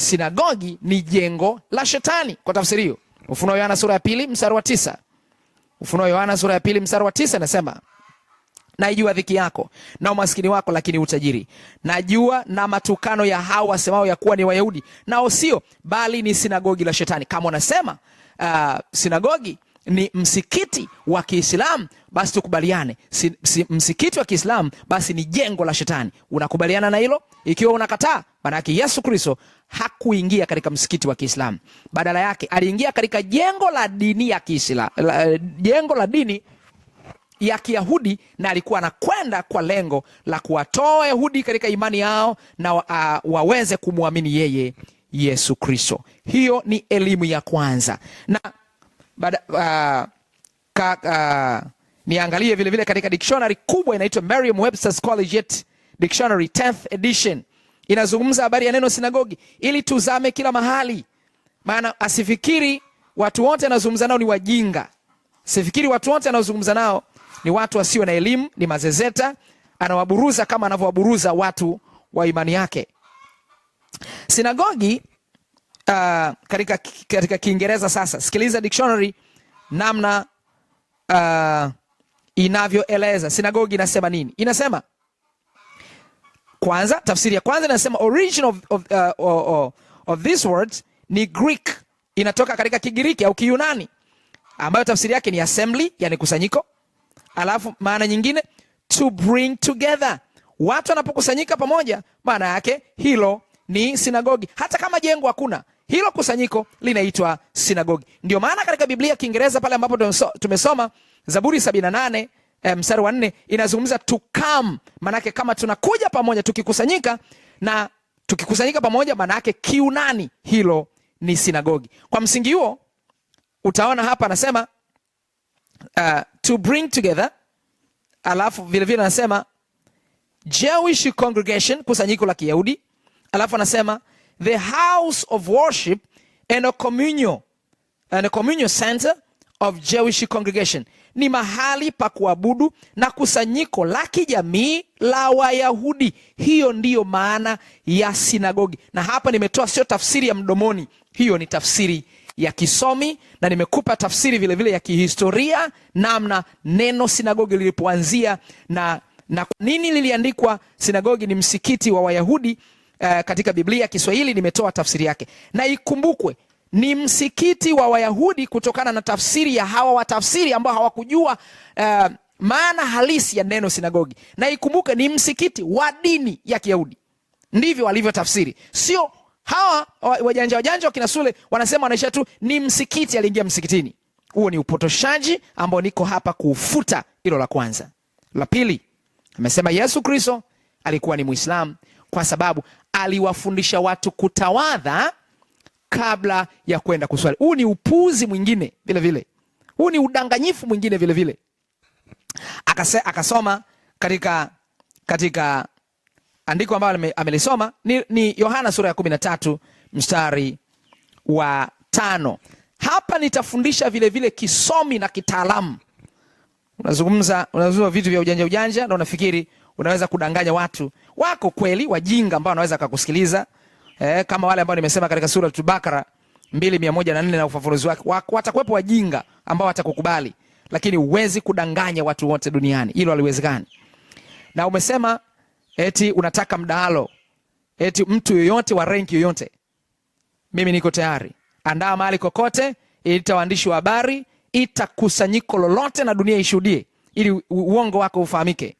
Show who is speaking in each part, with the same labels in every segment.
Speaker 1: sinagogi ni jengo la shetani kwa tafsiri hiyo. Ufunuo Yohana sura ya pili mstari wa tisa. Ufunuo Yohana sura ya pili mstari wa tisa nasema Najua dhiki yako na umaskini wako, lakini utajiri. Najua na matukano ya hao wasemao ya kuwa ni Wayahudi nao sio, bali ni sinagogi la Shetani. Kama wanasema uh, sinagogi ni msikiti wa Kiislamu, basi tukubaliane si, si, msikiti wa Kiislamu basi ni jengo la Shetani. Unakubaliana na hilo? Ikiwa unakataa, maanake Yesu Kristo hakuingia katika msikiti wa Kiislamu, badala yake aliingia katika jengo la dini ya Kiislamu, eh, jengo la dini ya Kiyahudi na alikuwa anakwenda kwa lengo la kuwatoa Yahudi katika imani yao na wa, uh, waweze kumwamini yeye Yesu Kristo. Hiyo ni elimu ya kwanza na bada, uh, ah, ka, uh, ah, niangalie vile vile katika dictionary kubwa inaitwa Merriam-Webster's Collegiate Dictionary 10th edition inazungumza habari ya neno sinagogi ili tuzame kila mahali, maana asifikiri watu wote anazungumza nao ni wajinga, asifikiri watu wote anazungumza nao ni watu wasio na elimu, ni mazezeta, anawaburuza kama anavyowaburuza watu wa imani yake. Sinagogi uh, katika, katika Kiingereza sasa, sikiliza dictionary namna uh, inavyoeleza sinagogi inasema nini. Inasema kwanza, tafsiri ya kwanza inasema origin of, of, uh, of, of this word ni Greek, inatoka katika Kigiriki au Kiyunani ambayo tafsiri yake ni assembly, yani kusanyiko. Alafu maana nyingine to bring together, watu wanapokusanyika pamoja, maana yake hilo ni sinagogi. Hata kama jengo hakuna, hilo kusanyiko linaitwa sinagogi. Ndio maana katika Biblia Kiingereza pale ambapo tumesoma Zaburi 78 e, msari wa nne inazungumza tukam come, manake kama tunakuja pamoja tukikusanyika, na tukikusanyika pamoja manake Kiunani hilo ni sinagogi. Kwa msingi huo utaona hapa anasema uh, to bring together, alafu vilevile anasema Jewish congregation, kusanyiko la Kiyahudi, alafu anasema the house of worship and a communion and a communion center of Jewish congregation, ni mahali pa kuabudu na kusanyiko la kijamii la Wayahudi. Hiyo ndiyo maana ya sinagogi, na hapa nimetoa sio tafsiri ya mdomoni, hiyo ni tafsiri ya kisomi na nimekupa tafsiri vilevile vile ya kihistoria, namna neno sinagogi lilipoanzia na na kwa nini liliandikwa. Sinagogi ni msikiti wa Wayahudi uh, katika Biblia Kiswahili nimetoa tafsiri yake, na ikumbukwe ni msikiti wa Wayahudi kutokana na tafsiri ya hawa watafsiri ambao hawakujua uh, maana halisi ya neno sinagogi, na ikumbuke ni msikiti wa dini ya Kiyahudi, ndivyo walivyotafsiri, sio hawa wajanja wajanja wakina Sule wanasema wanaisha tu ni msikiti, aliingia msikitini. Huo ni upotoshaji ambao niko hapa kuufuta. Hilo la kwanza. La pili, amesema Yesu Kristo alikuwa ni Muislamu kwa sababu aliwafundisha watu kutawadha kabla ya kwenda kuswali. Huu ni upuzi mwingine vile vile, huu ni udanganyifu mwingine vile vile. Akase, akasoma katika katika andiko ambalo amelisoma ni Yohana sura ya kumi na tatu mstari wa tano. Hapa nitafundisha vile vile kisomi na kitaalamu. Unazungumza unazungumza vitu vya ujanja ujanja na unafikiri unaweza kudanganya watu. Wako kweli wajinga ambao wanaweza kukusikiliza eh, kama wale ambao nimesema katika sura Al-Baqara 2104 na ufafanuzi wake. Watakuwepo wajinga ambao watakukubali, lakini uwezi kudanganya watu wote duniani, hilo haliwezekani. Na umesema eti unataka mdahalo, eti mtu yoyote wa rank yoyote. Mimi niko tayari, andaa mahali kokote, ita waandishi wa habari, ita kusanyiko lolote, na dunia ishuhudie, ili uongo wako ufahamike.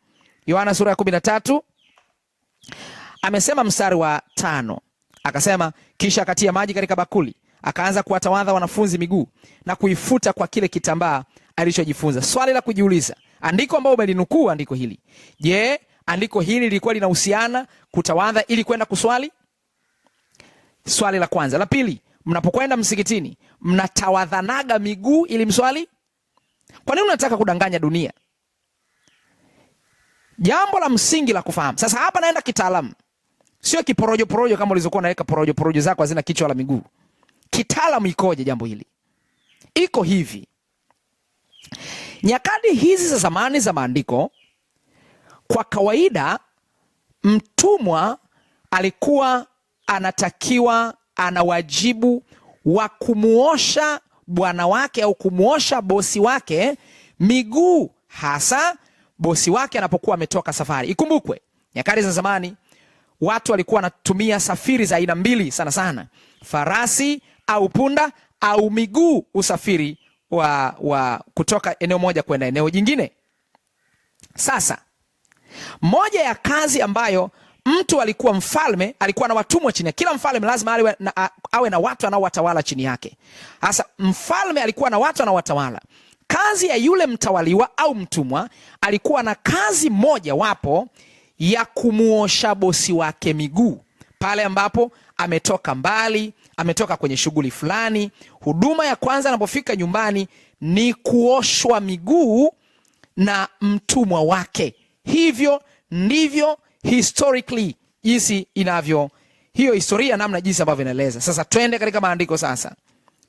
Speaker 1: Yohana sura ya kumi na tatu amesema mstari wa tano akasema, kisha akatia maji katika bakuli, akaanza kuwatawadha wanafunzi miguu na kuifuta kwa kile kitambaa alichojifunza. Swali la kujiuliza, andiko ambao umelinukuu andiko hili, je, andiko hili lilikuwa linahusiana kutawadha ili kwenda kuswali? Swali la kwanza. La pili, mnapokwenda msikitini mnatawadhanaga miguu ili mswali? Kwa nini unataka kudanganya dunia? jambo la msingi la kufahamu. Sasa hapa naenda kitaalamu, sio kiporojo porojo kama ulizokuwa unaweka porojo porojo zako hazina kichwa wala miguu. Kitaalamu ikoje jambo hili? Iko hivi, nyakati hizi za zamani za maandiko, kwa kawaida mtumwa alikuwa anatakiwa ana wajibu wa kumuosha bwana wake au kumuosha bosi wake miguu hasa bosi wake anapokuwa ametoka safari. Ikumbukwe nyakati za zamani watu walikuwa wanatumia safiri za aina mbili sana sana, farasi au punda au miguu, usafiri wa, wa kutoka eneo moja kwenda eneo jingine. Sasa moja ya kazi ambayo mtu alikuwa mfalme alikuwa na watumwa chini Kila mfalme lazima awe na, awe na watu anaowatawala chini yake. Sasa mfalme alikuwa na watu anaowatawala Kazi ya yule mtawaliwa au mtumwa alikuwa na kazi moja wapo ya kumuosha bosi wake miguu pale ambapo ametoka mbali, ametoka kwenye shughuli fulani. Huduma ya kwanza anapofika nyumbani ni kuoshwa miguu na mtumwa wake. Hivyo ndivyo historically jinsi inavyo hiyo historia, namna jinsi ambavyo inaeleza. Sasa twende katika maandiko sasa,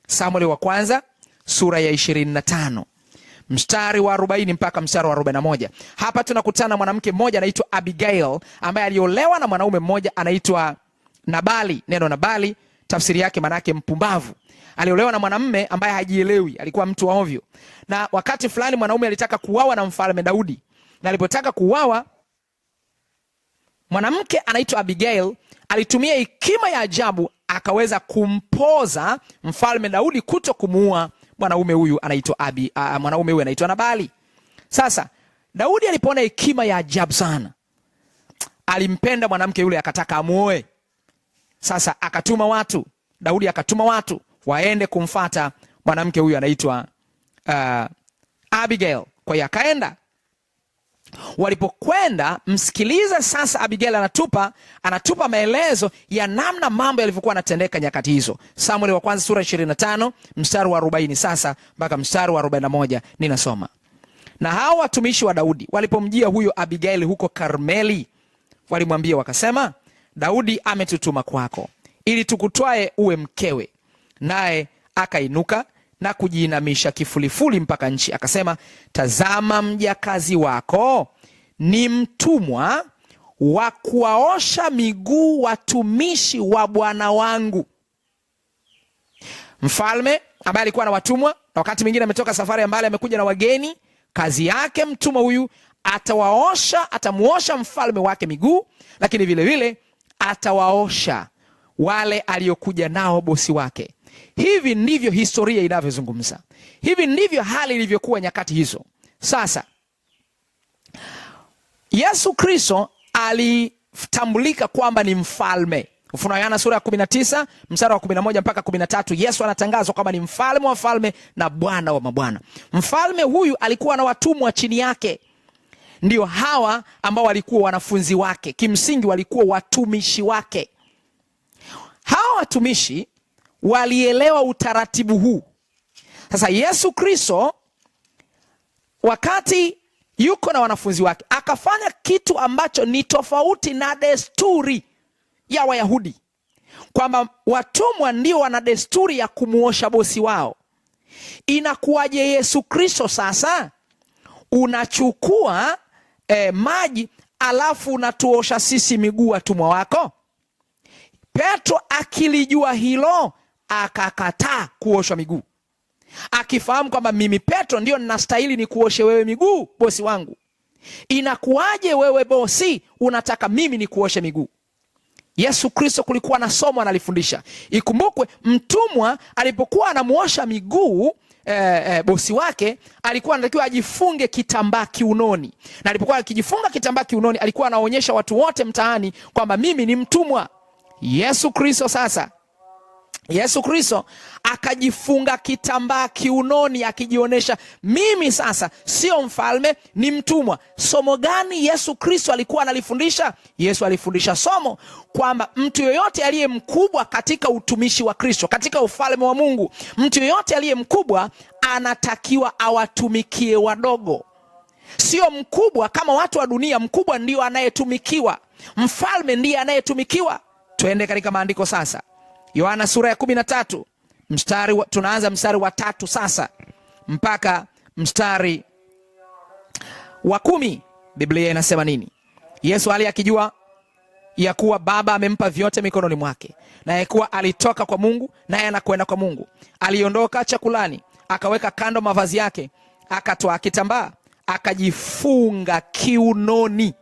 Speaker 1: Samueli wa kwanza sura ya 25 mstari wa 40 mpaka mstari wa 41. Hapa tunakutana na mwanamke mmoja anaitwa Abigail ambaye aliolewa na mwanaume mmoja anaitwa Nabali. Neno Nabali tafsiri yake maana yake mpumbavu. Aliolewa na mwanamume ambaye hajielewi, alikuwa mtu wa ovyo. Na wakati fulani mwanaume alitaka kuuawa na mfalme Daudi, na alipotaka kuuawa, mwanamke anaitwa Abigail alitumia hekima ya ajabu, akaweza kumpoza mfalme Daudi kuto kumuua mwanaume huyu anaitwa Abi, mwanaume huyu anaitwa Nabali. Sasa Daudi alipoona hekima ya ajabu sana, alimpenda mwanamke yule, akataka amuoe. Sasa akatuma watu, Daudi akatuma watu waende kumfata mwanamke huyu anaitwa uh, Abigail. Kwa hiyo akaenda Walipokwenda, msikilize sasa. Abigaili anatupa anatupa maelezo ya namna mambo yalivyokuwa anatendeka nyakati hizo. samuel wa kwanza sura 25 mstari wa 40 sasa mpaka mstari wa 41, ninasoma na hawa watumishi wa Daudi walipomjia huyo Abigaili huko Karmeli, walimwambia wakasema, Daudi ametutuma kwako ili tukutwae uwe mkewe. Naye akainuka na kujiinamisha kifulifuli mpaka nchi, akasema, tazama mjakazi wako ni mtumwa wa kuwaosha miguu watumishi wa bwana wangu mfalme, ambaye alikuwa na watumwa, na wakati mwingine ametoka safari ambaye amekuja na wageni. Kazi yake mtumwa huyu atawaosha, atamuosha mfalme wake miguu, lakini vilevile atawaosha wale aliokuja nao bosi wake. Hivi ndivyo historia inavyozungumza, hivi ndivyo hali ilivyokuwa nyakati hizo. Sasa Yesu Kristo alitambulika kwamba ni mfalme. Ufunuo Yohana sura ya 19 mstari wa 11 mpaka 13, Yesu anatangazwa kwamba ni mfalme wa falme na bwana wa mabwana. Mfalme huyu alikuwa na watumwa chini yake, ndio hawa ambao walikuwa wanafunzi wake, kimsingi walikuwa watumishi wake. Hawa watumishi walielewa utaratibu huu. Sasa Yesu Kristo wakati yuko na wanafunzi wake akafanya kitu ambacho ni tofauti na desturi ya Wayahudi, kwamba watumwa ndio wana desturi ya kumuosha bosi wao. Inakuwaje Yesu Kristo sasa unachukua eh, maji alafu unatuosha sisi miguu watumwa wako? Petro akilijua hilo akakataa kuoshwa miguu, akifahamu kwamba mimi Petro ndiyo ninastahili ni kuoshe wewe miguu, bosi wangu. Inakuwaje wewe bosi unataka mimi ni kuoshe miguu? Yesu Kristo kulikuwa na somo analifundisha. Ikumbukwe mtumwa alipokuwa anamuosha miguu Eh, eh, bosi wake alikuwa anatakiwa ajifunge kitambaa kiunoni, na alipokuwa akijifunga kitambaa kiunoni alikuwa anaonyesha watu wote mtaani kwamba mimi ni mtumwa. Yesu Kristo sasa Yesu Kristo akajifunga kitambaa kiunoni, akijionyesha mimi sasa sio mfalme, ni mtumwa. Somo gani Yesu Kristo alikuwa analifundisha? Yesu alifundisha somo kwamba mtu yoyote aliye mkubwa katika utumishi wa Kristo, katika ufalme wa Mungu, mtu yoyote aliye mkubwa anatakiwa awatumikie wadogo. Sio mkubwa kama watu wa dunia, mkubwa ndio anayetumikiwa, mfalme ndiye anayetumikiwa. Tuende katika maandiko sasa. Yohana sura ya kumi na tatu mstari wa, tunaanza mstari wa tatu sasa mpaka mstari wa kumi. Biblia inasema nini? Yesu hali akijua ya kuwa Baba amempa vyote mikononi mwake na ya kuwa alitoka kwa Mungu naye anakwenda kwa Mungu, aliondoka chakulani, akaweka kando mavazi yake, akatoa kitambaa, akajifunga kiunoni,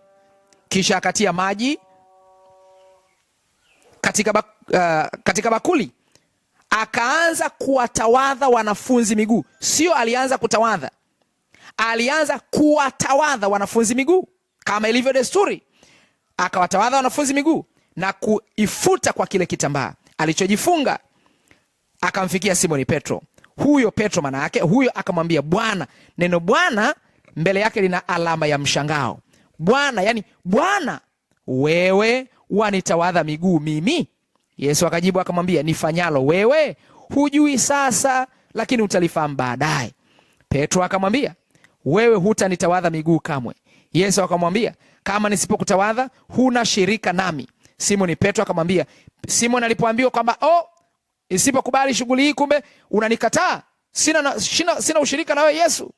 Speaker 1: kisha akatia maji katika, bak, uh, katika bakuli akaanza kuwatawadha wanafunzi miguu. Sio alianza kutawadha, alianza kuwatawadha wanafunzi miguu kama ilivyo desturi. Akawatawadha wanafunzi miguu na kuifuta kwa kile kitambaa alichojifunga. Akamfikia Simoni Petro, huyo Petro maana yake huyo, akamwambia Bwana. Neno Bwana mbele yake lina alama ya mshangao. Bwana yani Bwana wewe wanitawadha miguu mimi? Yesu akajibu akamwambia, nifanyalo wewe hujui sasa, lakini utalifahamu baadaye. Petro akamwambia, wewe hutanitawadha miguu kamwe. Yesu akamwambia, kama nisipokutawadha huna shirika nami. Simoni Petro akamwambia, Simoni alipoambiwa kwamba oh, isipokubali shughuli hii, kumbe unanikataa, sina, sina, sina ushirika nawe Yesu,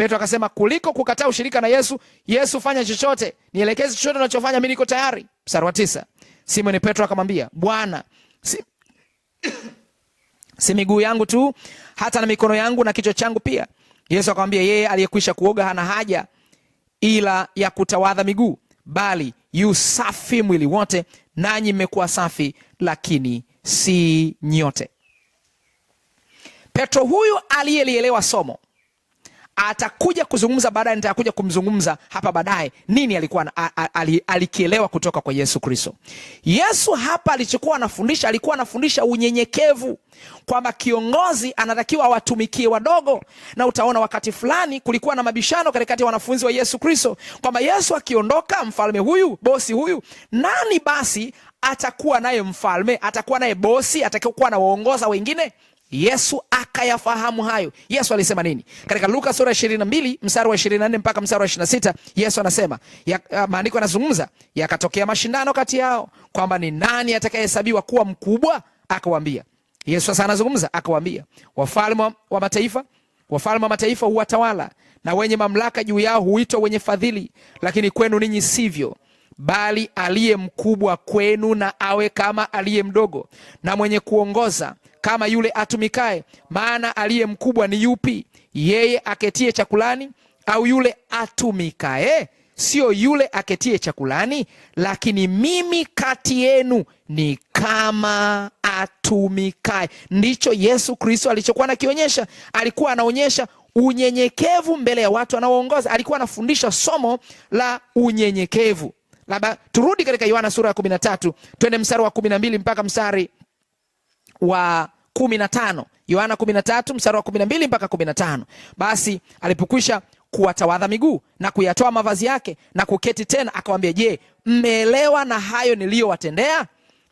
Speaker 1: Petro akasema kuliko kukataa ushirika na Yesu, Yesu fanya chochote, nielekeze chochote unachofanya, mimi niko tayari. Mstari wa tisa, Simoni Petro akamwambia Bwana, si, si miguu yangu tu, hata na mikono yangu na kichwa changu pia. Yesu akamwambia yeye aliyekwisha kuoga hana haja ila ya kutawadha miguu, bali yu safi mwili wote, nanyi mmekuwa safi, lakini si nyote. Petro huyu aliyelielewa somo atakuja kuzungumza baadaye, nitakuja kumzungumza hapa baadaye nini alikuwa alikielewa kutoka kwa Yesu Kristo. Yesu hapa alichokuwa anafundisha, alikuwa anafundisha unyenyekevu, kwamba kiongozi anatakiwa awatumikie wadogo, na utaona wakati fulani kulikuwa na mabishano katikati ya wanafunzi wa Yesu Kristo kwamba Yesu akiondoka, mfalme huyu, bosi huyu, nani basi atakuwa naye mfalme, atakuwa naye bosi, atakuwa na waongoza wengine? Yesu akayafahamu hayo. Yesu alisema nini? Katika Luka sura 22 mstari wa 24 mpaka mstari wa 26, Yesu anasema ya, uh, maandiko yanazungumza yakatokea mashindano kati yao kwamba ni nani atakayehesabiwa kuwa mkubwa, Akawambia Yesu sasa anazungumza akawambia wafalme wa mataifa, wafalme wa mataifa huwatawala na wenye mamlaka juu yao huitwa wenye fadhili, lakini kwenu ninyi sivyo bali aliye mkubwa kwenu na awe kama aliye mdogo, na mwenye kuongoza kama yule atumikaye? Maana aliye mkubwa ni yupi, yeye aketie chakulani au yule atumikaye? Sio yule aketie chakulani. Lakini mimi kati yenu ni kama atumikaye. Ndicho Yesu Kristo alichokuwa anakionyesha. Alikuwa anaonyesha unyenyekevu mbele ya watu anaoongoza. Alikuwa anafundisha somo la unyenyekevu. Labda turudi katika Yohana sura ya tatu, twende mstari wa kumi mbili mpaka mstari wa kumi na tano Yohana kumi na tatu mstari wa kumi na mbili mpaka kumi na tano Basi alipokwisha kuwatawadha miguu na kuyatoa mavazi yake na kuketi tena, akawambia Je, mmeelewa na hayo niliyowatendea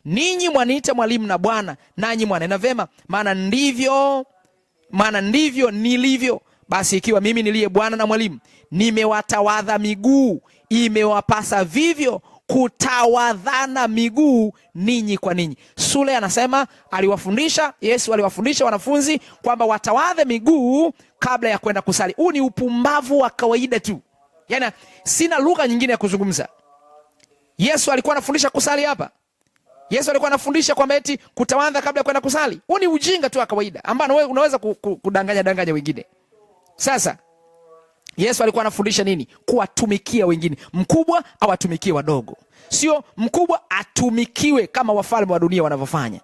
Speaker 1: ninyi? Mwaniita mwalimu na Bwana, nanyi mwanena vema, maana ndivyo maana ndivyo nilivyo. Basi ikiwa mimi niliye Bwana na mwalimu nimewatawadha miguu, imewapasa vivyo kutawadhana miguu ninyi kwa ninyi. Sule anasema aliwafundisha, Yesu aliwafundisha wanafunzi kwamba watawadhe miguu kabla ya kwenda kusali. Huu ni upumbavu wa kawaida tu, yaani sina lugha nyingine ya kuzungumza. Yesu alikuwa anafundisha kusali hapa? Yesu alikuwa anafundisha kwamba eti kutawadha kabla ya kwenda kusali? Huu ni ujinga tu wa kawaida ambao unaweza kudanganya danganya wengine. Sasa Yesu alikuwa anafundisha nini? Kuwatumikia wengine, mkubwa awatumikie wadogo, sio mkubwa atumikiwe kama wafalme wa dunia wanavyofanya.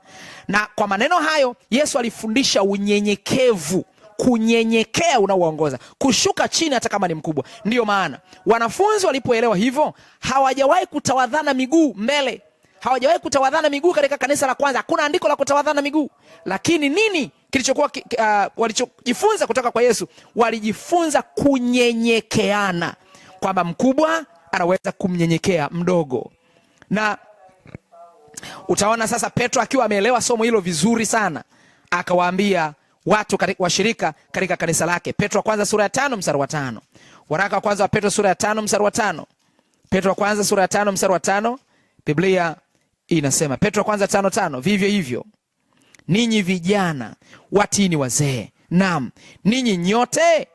Speaker 1: Na kwa maneno hayo Yesu alifundisha unyenyekevu, kunyenyekea unaoongoza, kushuka chini, hata kama ni mkubwa. Ndiyo maana wanafunzi walipoelewa hivyo, hawajawahi kutawadhana miguu mbele hawajawahi kutawadhana miguu katika kanisa la kwanza, hakuna andiko la kutawadhana miguu. Lakini nini kilichokuwa ki, uh, walichojifunza kutoka kwa Yesu? Walijifunza kunyenyekeana, kwamba mkubwa anaweza kumnyenyekea mdogo. Na utaona sasa Petro akiwa ameelewa somo hilo vizuri sana, akawaambia watu washirika katika kanisa lake. Petro wa kwanza sura ya tano mstari wa tano. Waraka wa kwanza wa Petro sura ya tano mstari wa tano. Petro wa kwanza sura ya tano mstari wa tano. Biblia inasema Petro kwanza tano tano vivyo hivyo ninyi vijana watini wazee, naam ninyi nyote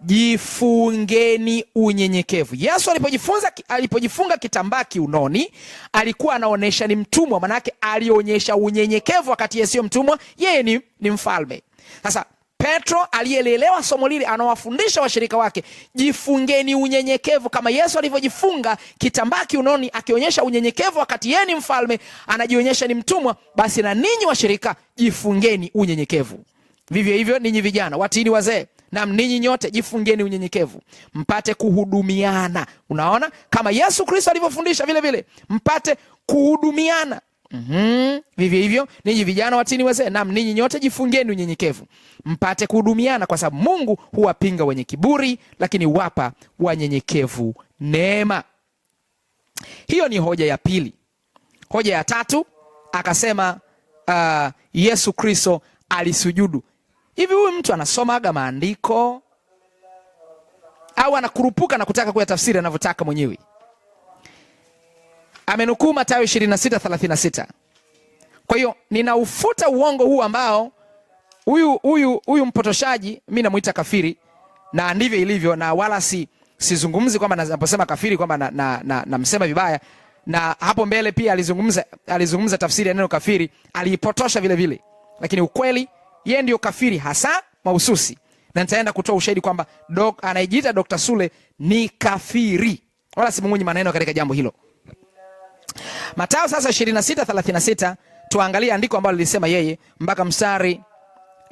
Speaker 1: jifungeni unyenyekevu. Yesu alipojifunza alipojifunga kitambaa kiunoni alikuwa anaonyesha ni mtumwa, manake alionyesha unyenyekevu, wakati yeye sio mtumwa, yeye ni, ni mfalme. Sasa Petro aliyelielewa somo lile anawafundisha washirika wake, jifungeni unyenyekevu kama Yesu alivyojifunga kitambaa kiunoni, akionyesha unyenyekevu. Wakati yeye ni mfalme anajionyesha ni mtumwa, basi na ninyi washirika jifungeni unyenyekevu. Vivyo hivyo ninyi vijana watini wazee nam ninyi nyote jifungeni unyenyekevu, mpate kuhudumiana. Unaona, kama Yesu Kristo alivyofundisha vile vile, mpate kuhudumiana. mm -hmm vivyo hivyo ninyi vijana watini wazee, nam ninyi nyote jifungeni unyenyekevu, mpate kuhudumiana, kwa sababu Mungu huwapinga wenye kiburi, lakini wapa wanyenyekevu neema. Hiyo ni hoja ya pili. Hoja ya tatu akasema, uh, Yesu Kristo alisujudu. Hivi huyu mtu anasomaga maandiko au anakurupuka na kutaka kuya tafsiri anavyotaka mwenyewe? Amenukuu Mathayo 26:36 kwa hiyo ninaufuta uongo huu ambao huyu huyu huyu mpotoshaji mi namuita kafiri, na ndivyo ilivyo, na wala si sizungumzi kwamba naposema kafiri kwamba namsema na, na, na vibaya. Na hapo mbele pia alizungumza alizungumza tafsiri ya neno kafiri, aliipotosha vile vile, lakini ukweli ye ndio kafiri hasa mahususi, na nitaenda kutoa ushahidi kwamba dok anayejiita Dr. Sule ni kafiri, wala simung'unyi maneno katika jambo hilo. Mathayo sasa 26:36 tuangalie andiko ambalo lilisema yeye mpaka mstari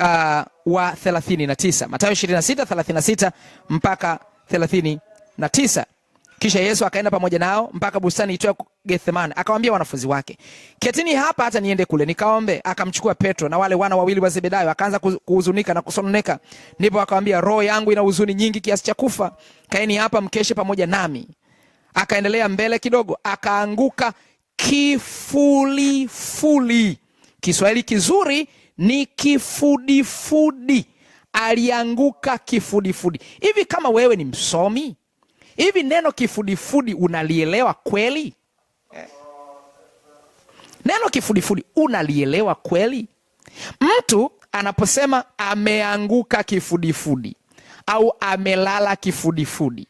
Speaker 1: uh, wa 39, Mathayo 26 36 mpaka 39. Kisha Yesu akaenda pamoja nao mpaka bustani itwayo Gethsemane, akamwambia wanafunzi wake, ketini hapa hata niende kule nikaombe. Akamchukua Petro na wale wana wawili wa Zebedayo, akaanza kuhuzunika na kusononeka. Ndipo akamwambia roho yangu ina huzuni nyingi kiasi cha kufa, kaeni hapa mkeshe pamoja nami. Akaendelea mbele kidogo, akaanguka kifulifuli. Kiswahili kizuri ni kifudifudi. Alianguka kifudifudi. Hivi kama wewe ni msomi, hivi neno kifudifudi unalielewa kweli? Neno kifudifudi unalielewa kweli? Mtu anaposema ameanguka kifudifudi au amelala kifudifudi,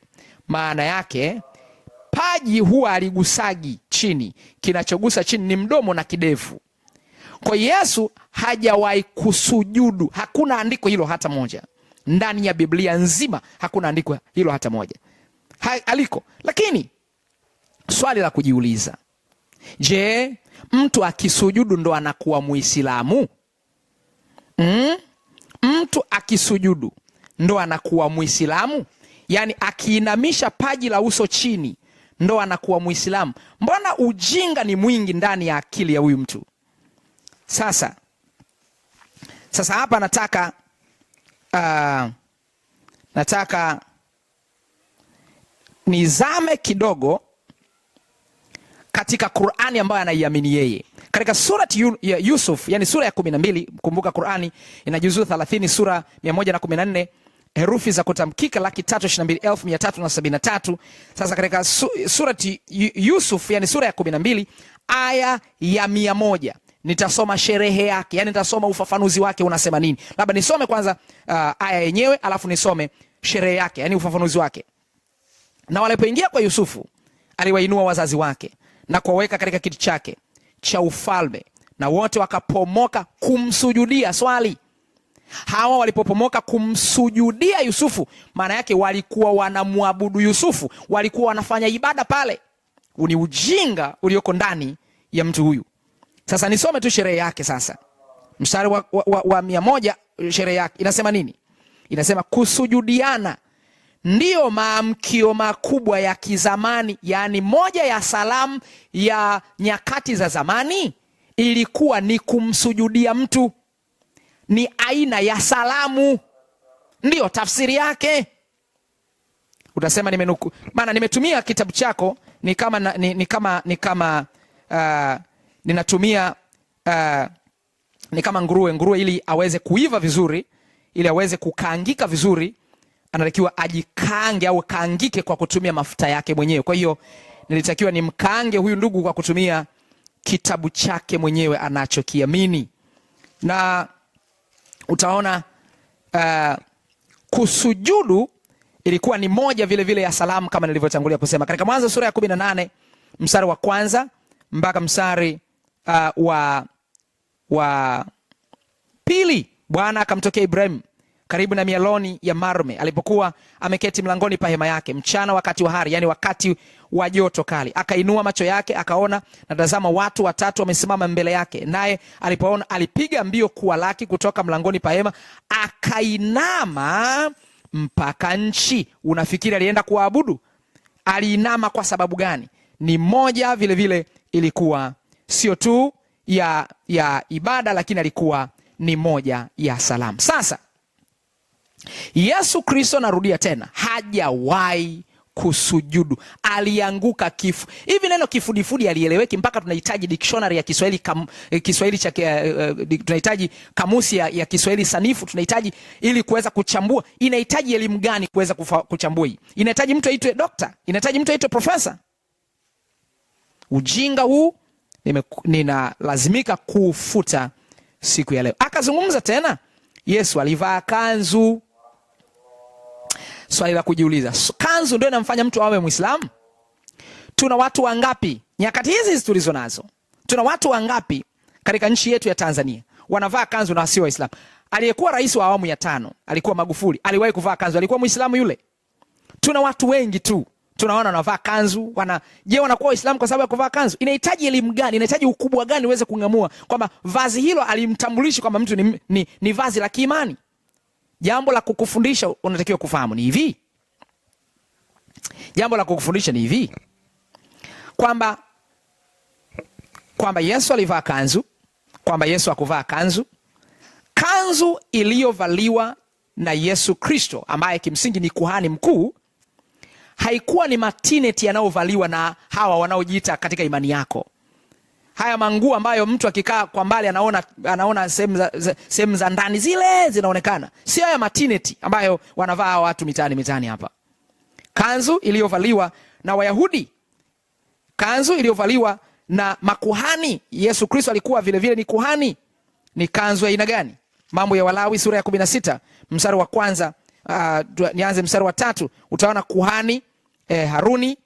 Speaker 1: maana yake paji huwa aligusagi chini, kinachogusa chini ni mdomo na kidevu. Kwa Yesu hajawahi kusujudu, hakuna andiko hilo hata moja ndani ya Biblia nzima, hakuna andiko hilo hata moja ha, aliko. Lakini swali la kujiuliza, je, mtu akisujudu ndo anakuwa Muislamu? Mm? Mtu akisujudu ndo anakuwa Muislamu? Yaani akiinamisha paji la uso chini ndo anakuwa Muislamu. Mbona ujinga ni mwingi ndani ya akili ya huyu mtu? Sasa sasa hapa nataka uh, nataka nizame kidogo katika Qur'ani ambayo anaiamini yeye katika surat ya Yusuf, yani sura ya 12. Kumbuka Qur'ani ina juzuu 30 sura nne herufi za kutamkika laki tatu ishirini na mbili elfu mia tatu na sabini na tatu. Sasa katika su, surati Yusuf, yani sura ya kumi na mbili aya ya mia moja nitasoma sherehe yake, yani nitasoma ufafanuzi wake unasema nini. Labda nisome kwanza uh, aya yenyewe alafu nisome sherehe yake, yani ufafanuzi wake. Na walipoingia kwa Yusufu, aliwainua wazazi wake na kuwaweka katika kiti chake cha ufalme, na wote wakapomoka kumsujudia. Swali, hawa walipopomoka kumsujudia Yusufu, maana yake walikuwa wanamwabudu Yusufu, walikuwa wanafanya ibada pale. Ni ujinga ulioko ndani ya mtu huyu. Sasa nisome tu sherehe yake sasa, mstari wa, wa, wa, wa mia moja. Sherehe yake inasema nini? Inasema kusujudiana ndiyo maamkio makubwa ya kizamani, yaani moja ya salamu ya nyakati za zamani ilikuwa ni kumsujudia mtu ni aina ya salamu, ndiyo tafsiri yake. Utasema nimenuku, maana nimetumia kitabu chako ni kama ni, ni kama ni kama uh, ninatumia uh, ni kama nguruwe. Nguruwe ili aweze kuiva vizuri, ili aweze kukaangika vizuri, anatakiwa ajikange au kaangike kwa kutumia mafuta yake mwenyewe. Kwa hiyo nilitakiwa nimkange huyu ndugu kwa kutumia kitabu chake mwenyewe anachokiamini na utaona uh, kusujudu ilikuwa ni moja vile vile ya salamu kama nilivyotangulia kusema katika Mwanzo sura ya 18 mstari wa kwanza mpaka mstari uh, wa, wa pili. Bwana akamtokea Ibrahim karibu na mialoni ya Marme alipokuwa ameketi mlangoni pa hema yake mchana wakati wa hari, yani wakati wa joto kali. Akainua macho yake akaona, natazama watu watatu wamesimama mbele yake, naye alipoona alipiga mbio kuwalaki kutoka mlangoni pa hema, akainama mpaka nchi. Unafikiri alienda kuwaabudu? Aliinama kwa sababu gani? Ni moja vilevile vile ilikuwa sio tu ya, ya ibada, lakini alikuwa ni moja ya salamu. Sasa Yesu Kristo, narudia tena, hajawahi kusujudu, alianguka kifu. Hivi neno kifudifudi alieleweki, mpaka tunahitaji dictionary ya Kiswahili kam, eh, Kiswahili cha uh, tunahitaji kamusi ya, ya Kiswahili sanifu tunahitaji, ili kuweza kuchambua. Inahitaji elimu gani kuweza kuchambua hii? Inahitaji mtu aitwe dokta? Inahitaji mtu aitwe profesa? Ujinga huu ninalazimika kufuta siku ya leo. Akazungumza tena Yesu alivaa kanzu Swali la kujiuliza, kanzu ndio inamfanya mtu awe Muislamu? Tuna watu wangapi nyakati hizi hizi tulizo nazo, tuna watu wangapi katika nchi yetu ya Tanzania wanavaa kanzu na wasio Waislamu? Aliyekuwa rais wa awamu ya tano alikuwa Magufuli, aliwahi kuvaa kanzu, alikuwa Muislamu yule? Tuna watu wengi tu tunaona wanavaa kanzu wana, je, wanakuwa Waislamu kwa sababu ya kuvaa kanzu? Inahitaji elimu gani? Inahitaji ukubwa gani uweze kung'amua kwamba vazi hilo alimtambulishi kwamba mtu ni, ni, ni vazi la kiimani? jambo la kukufundisha unatakiwa kufahamu ni hivi, jambo la kukufundisha ni hivi kwamba kwamba Yesu alivaa kanzu, kwamba Yesu hakuvaa kanzu. Kanzu iliyovaliwa na Yesu Kristo ambaye kimsingi ni kuhani mkuu haikuwa ni matineti yanayovaliwa na hawa wanaojiita katika imani yako haya manguo ambayo mtu akikaa kwa mbali anaona, anaona sehemu za, ndani zile zinaonekana, sio ya matineti ambayo wanavaa watu mitaani mitaani hapa. Kanzu iliyovaliwa na Wayahudi, kanzu iliyovaliwa na makuhani. Yesu Kristo alikuwa vile vile ni kuhani. Ni kanzu ya aina gani? Mambo ya Walawi sura ya 16 mstari wa kwanza. Uh, nianze mstari wa tatu. Utaona kuhani eh, Haruni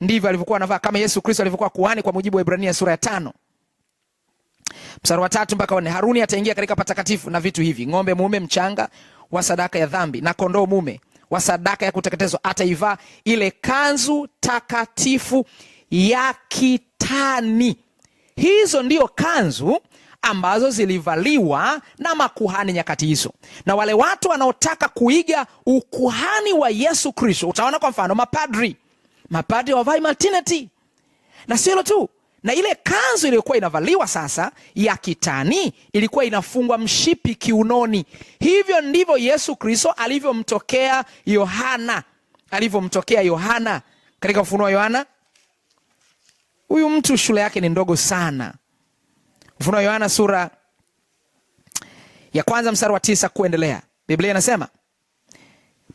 Speaker 1: ndivyo alivyokuwa anavaa kama Yesu Kristo alivyokuwa kuhani kwa mujibu wa Ibrania sura ya tano. Mstari wa tatu mpaka wanne Haruni ataingia katika patakatifu na vitu hivi: ng'ombe mume mchanga wa sadaka ya dhambi na kondoo mume wa sadaka ya kuteketezwa, ataivaa ile kanzu takatifu ya kitani. Hizo ndio kanzu ambazo zilivaliwa na makuhani nyakati hizo, na wale watu wanaotaka kuiga ukuhani wa Yesu Kristo, utaona kwa mfano mapadri, mapadri wavai matineti, na sio hilo tu na ile kanzu iliyokuwa inavaliwa sasa ya kitani ilikuwa inafungwa mshipi kiunoni. Hivyo ndivyo Yesu Kristo alivyomtokea Yohana, alivyomtokea Yohana katika Ufunuo wa Yohana. Huyu mtu shule yake ni ndogo sana. Ufunuo wa Yohana sura ya kwanza mstari wa tisa kuendelea, Biblia inasema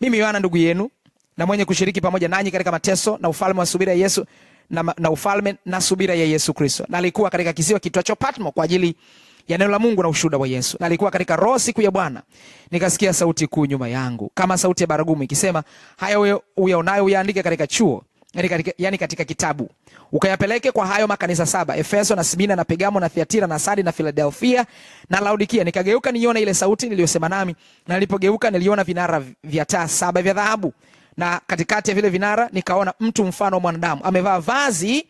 Speaker 1: mimi Yohana ndugu yenu na mwenye kushiriki pamoja nanyi katika mateso na ufalme wa subira Yesu na, na ufalme na subira ya Yesu Kristo. Na alikuwa katika kisiwa kitwacho Patmo kwa ajili ya neno la Mungu na ushuhuda wa Yesu. Na alikuwa katika roho siku ya Bwana, nikasikia sauti kuu nyuma yangu kama sauti ya baragumu ikisema, haya uyaonayo uyaandike katika chuo Yani katika, yani katika kitabu ukayapeleke kwa hayo makanisa saba Efeso na Simina na Pegamo na Thiatira na Sadi na Filadelfia na Laodikia. Nikageuka nione ile sauti niliyosema nami, na nilipogeuka niliona vinara vya taa saba vya dhahabu na katikati ya vile vinara nikaona mtu mfano wa mwanadamu amevaa vazi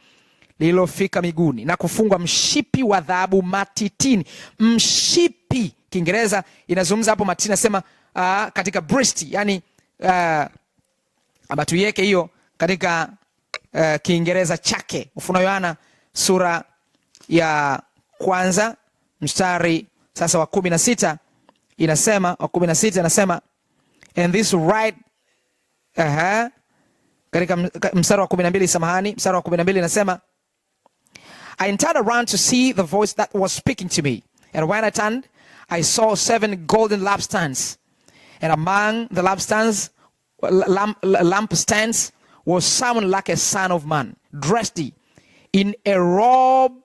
Speaker 1: lililofika miguuni na kufungwa mshipi wa dhahabu matitini. Mshipi Kiingereza inazungumza hapo matitini, nasema uh, ah, katika breast, yani uh, ah, tuiweke hiyo katika uh, Kiingereza chake Ufunuo Yohana sura ya kwanza mstari sasa wa kumi na sita inasema wa kumi na sita inasema and this right Aha. Katika wa 12 samahani, wa 12 inasema I turned around to see the voice that was speaking to me. And when I turned, I saw seven golden lampstands. And among the lampstands, lamp, lampstands was someone like a son of man, dressed in a robe.